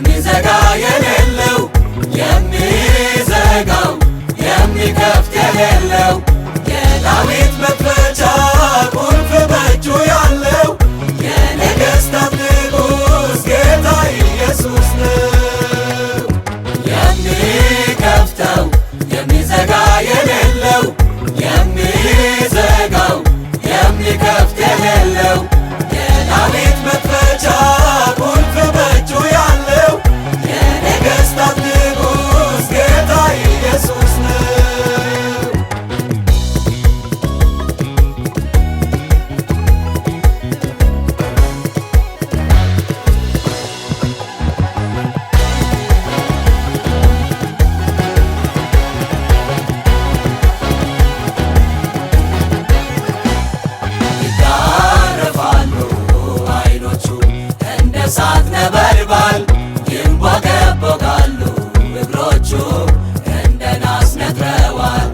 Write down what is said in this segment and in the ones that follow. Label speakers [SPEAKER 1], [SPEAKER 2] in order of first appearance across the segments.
[SPEAKER 1] የሚዘጋ የለ የእሳት ነበልባል ይንቦገቦጋሉ እግሮቹ እንደ ናስ ነትረዋል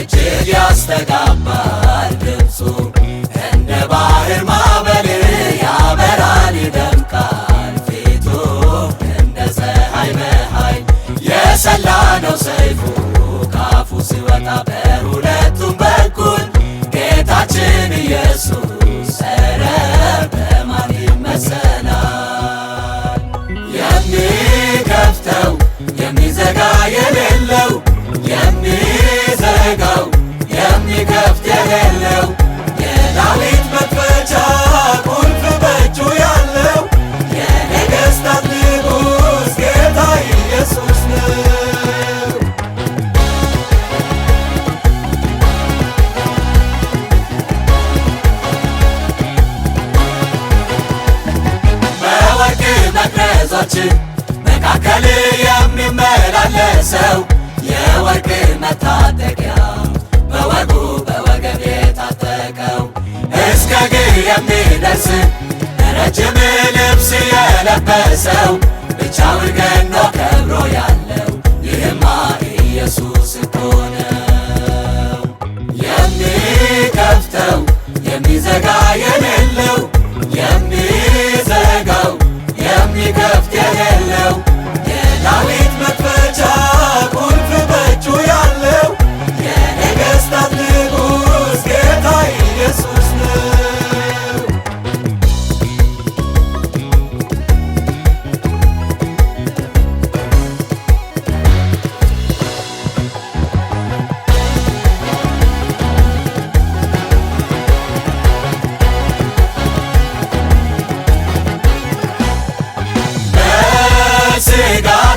[SPEAKER 1] እጅግ ያስተጋባል ልብሱ እንደ ባህር ማዕበል ያበራል ይደምቃል ፊቱ እንደ ፀሐይ በኃይል የሰላ ነው ሰይፉ ካፉ ሲወጣ በእጆችህ መካከል የሚመላለሰው የወርቅ መታጠቂያ በወጉ በወገብ የታጠቀው እስከ እግር የሚደርስ ረጅም ልብስ የለበሰው ብቻውን ገኖ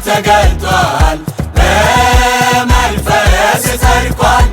[SPEAKER 1] ተገልጧል፣ በመንፈስ ጸድቋል።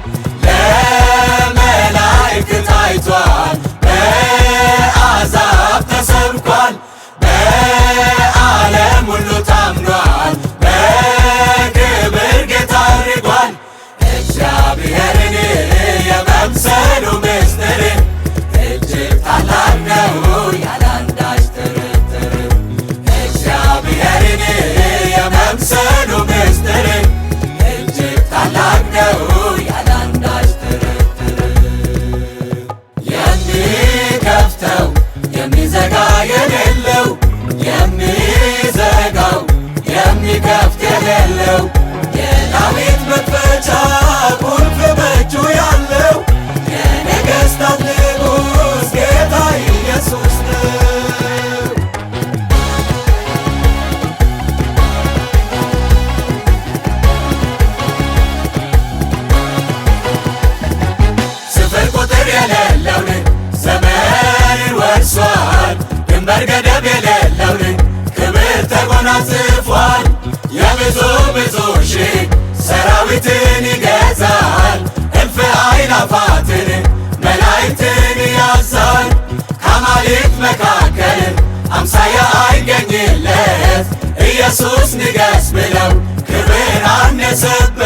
[SPEAKER 1] ኢየሱስ ንገስ ብለው ክብር አነሰበት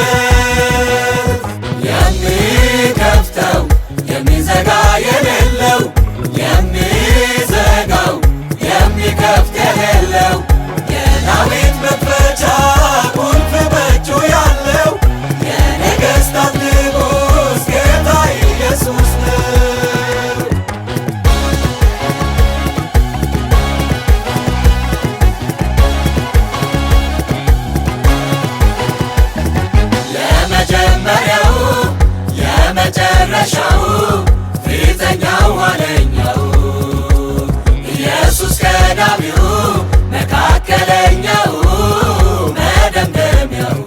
[SPEAKER 1] የሚከፍተው የሚዘጋ የለ የመጀመሪያው የመጨረሻው ፊተኛው ኋለኛው ኢየሱስ ቀዳሚው መካከለኛው መደምደሚያው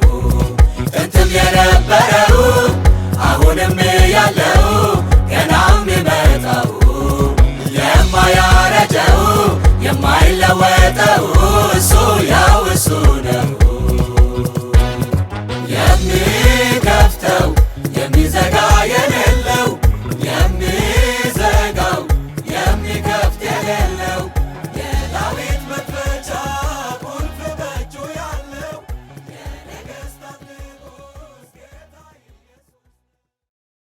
[SPEAKER 1] ጥንትም የነበረው አሁንም ያለው ገናም ይመጣው የማያረጀው የማይለወጠው እሱ ያው እሱ ነው።